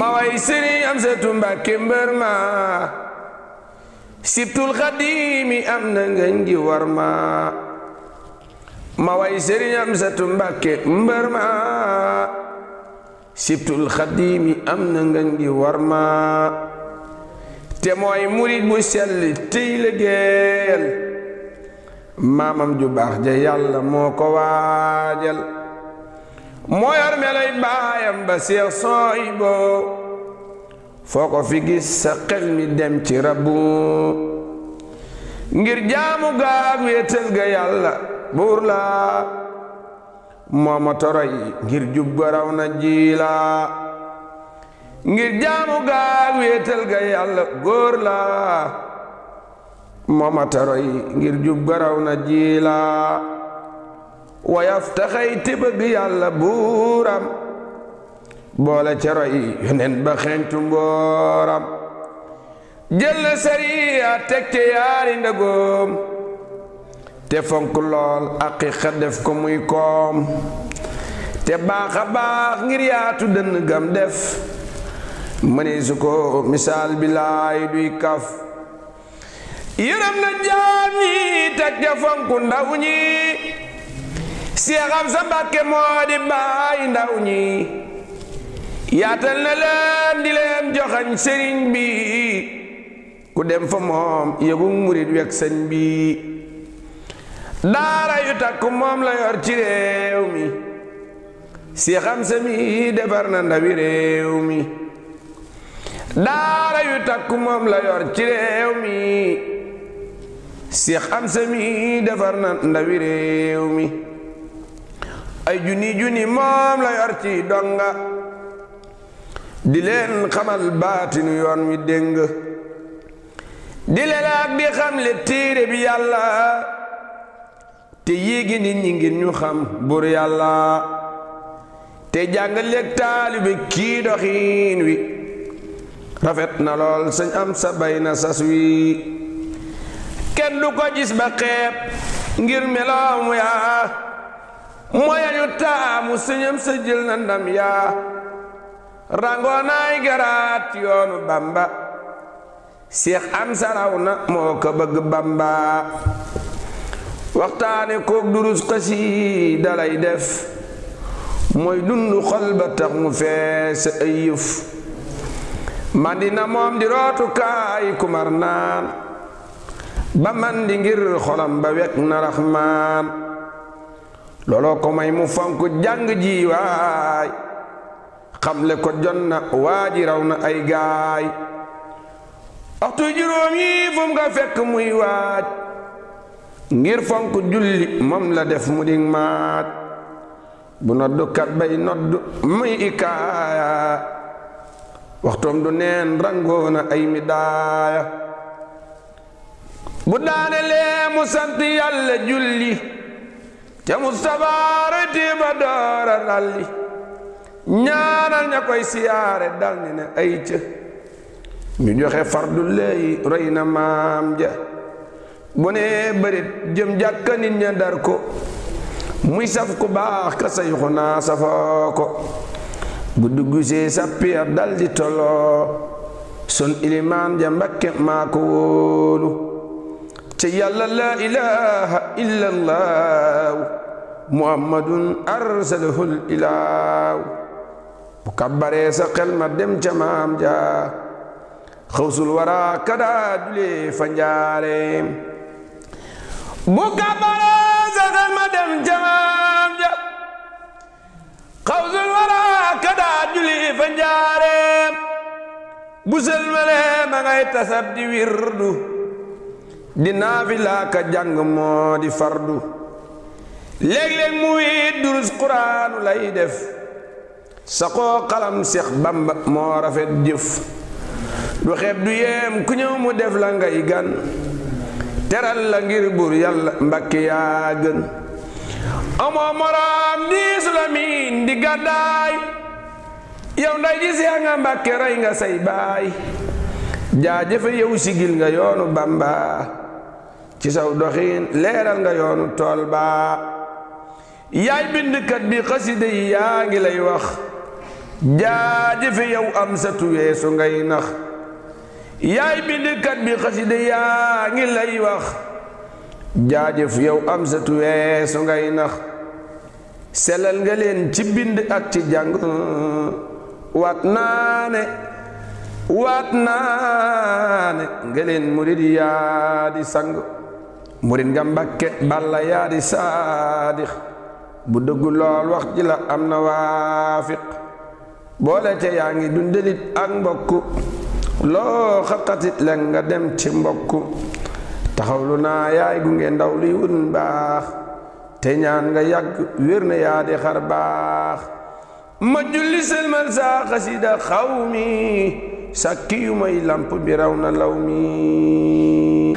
ma way sëriñ am sa tumbàkke mbër ma sibtul xadiimi am na ngeen ji war ma ma way sëriñ sa tumbàkke mbër ma sibtul xadiimi am na ngeen war ma te mooy murit bu sell tey liggéeyal maamam ju baax ja yàlla moo ko waajal moo yor melay baayam ba seex sooy boo foo ko fi gis sa xel mi dem ci rabbu ngir jaamu gaag wéetal ga yàlla buur la mooma toroy ngir jub garaw na jiila ngir jaamu gaag wéetal ga yàlla góor la mooma toroy ngir jub garaw na jiila wa yaftaxay ti bëgg yàlla buuram boole ca roy yonen ba xentu mbooram jël na sariya teg ci yaari ndagoom te fonk lool aqiqa def ko muy koom te baax baax ngir yaatu dënn gam def mënee su ko misaal bi laay duy kaf yërëm na jaam ñi teg te fonk ndaw ñi Seex sa Mbàkke moo di baay ndaw ñi yaatal na leen di joxañ sëriñ bi ku dem fa moom yëgu murit wek sëñ bi daara yu takku moom la yor ci réew mi Seex Amsa mi defar na ndawi réew mi daara yu takku moom la yor ci réew mi Seex Amsa mi defar na ndawi réew mi ay junni junni moom la yor ci donga di leen xamal baatinu yoon wi déng di lelaak di xamle téere bi yàlla te yéegi nit ñi ngir ñu xam bur yàlla te jàngaleeg taalibe kii doxiin wi rafet na lool sëñ am sa bay na sas wi kenn du ko gis ba xeeb ngir meloomu yaa moyañu taamu sëñam sa jël na ndam yaa rangoonaay garaat yoonu bamba seex am saraw na moo ko bëgg bamba waxtaane koog durus xasi dalay def mooy dund xol tax mu fees ay yëf mandi na moom di rootukaay kumar naan ba mandi ngir xolam ba wek na raxmaan looloo ko may mu fonk jàng ji waay xamle ko jot na waa ji raw na ay gaay waxtu juróom yi fu nga fekk muy waaj ngir fonk julli moom la def mu dig maat bu noddukat bay noddu muy ikaaya waxtoom du neen rangoona ay midaaya bu daane lee mu sant yàlla julli te Mustafa retiba doora ralli ñaanal ña koy siyaare dal ni ne ay ca ñu joxe fardu lay roy na maam ja bu ne bërit jëm jàkka nit ña dar ko muy saf ku baax ka sayxu naa safoo ko bu duggusee sa dal di toloo sun ilimaan ja mbakke maa ko te yàlla laa ilaha illa allahu muhammadun arsalahul ilaahu bu kabbaree kabbaree sa xel dem ca maam ja xawsul wara kada dule fa bu sëlmalee ma ngay tasab di wirdu di naafila ka jàng moo di fardu léeg-léeg muy durus quraanu lay def saxoo xalam seex bamba moo rafet jëf du xeeb du yem ku ñëw mu def la ngay gan teral la ngir bur yàlla mbakki yaa gën amoo moroom di sulamin di gàddaay yow nday ji see nga mbàkke rey nga say baay jaajëfe yow sigil nga yoonu Bamba ci saw doxiin leeral nga yoonu tool baa yaay bindkat bi xasida yi yaa ngi lay wax jaajëfe yow am sa tuweesu ngay lay wax jaajëf yow am ngay nax selal nga leen ci bind ak ci jàng waat naa waat naa ne ngeleen murid yaa di sang murid nga mbakke balla yaa di bu dëggu lool wax ji am na waafiq boole te yaa ngi dundelit ak mbokku loo xaqatit la nga dem ci mbokku taxawlu naa yaay gunge ndaw luy wun baax te ñaan nga yàgg wér na yaa di xar ma julli selmal saa xasida xaw sakki yu may lamp bi raw na law mi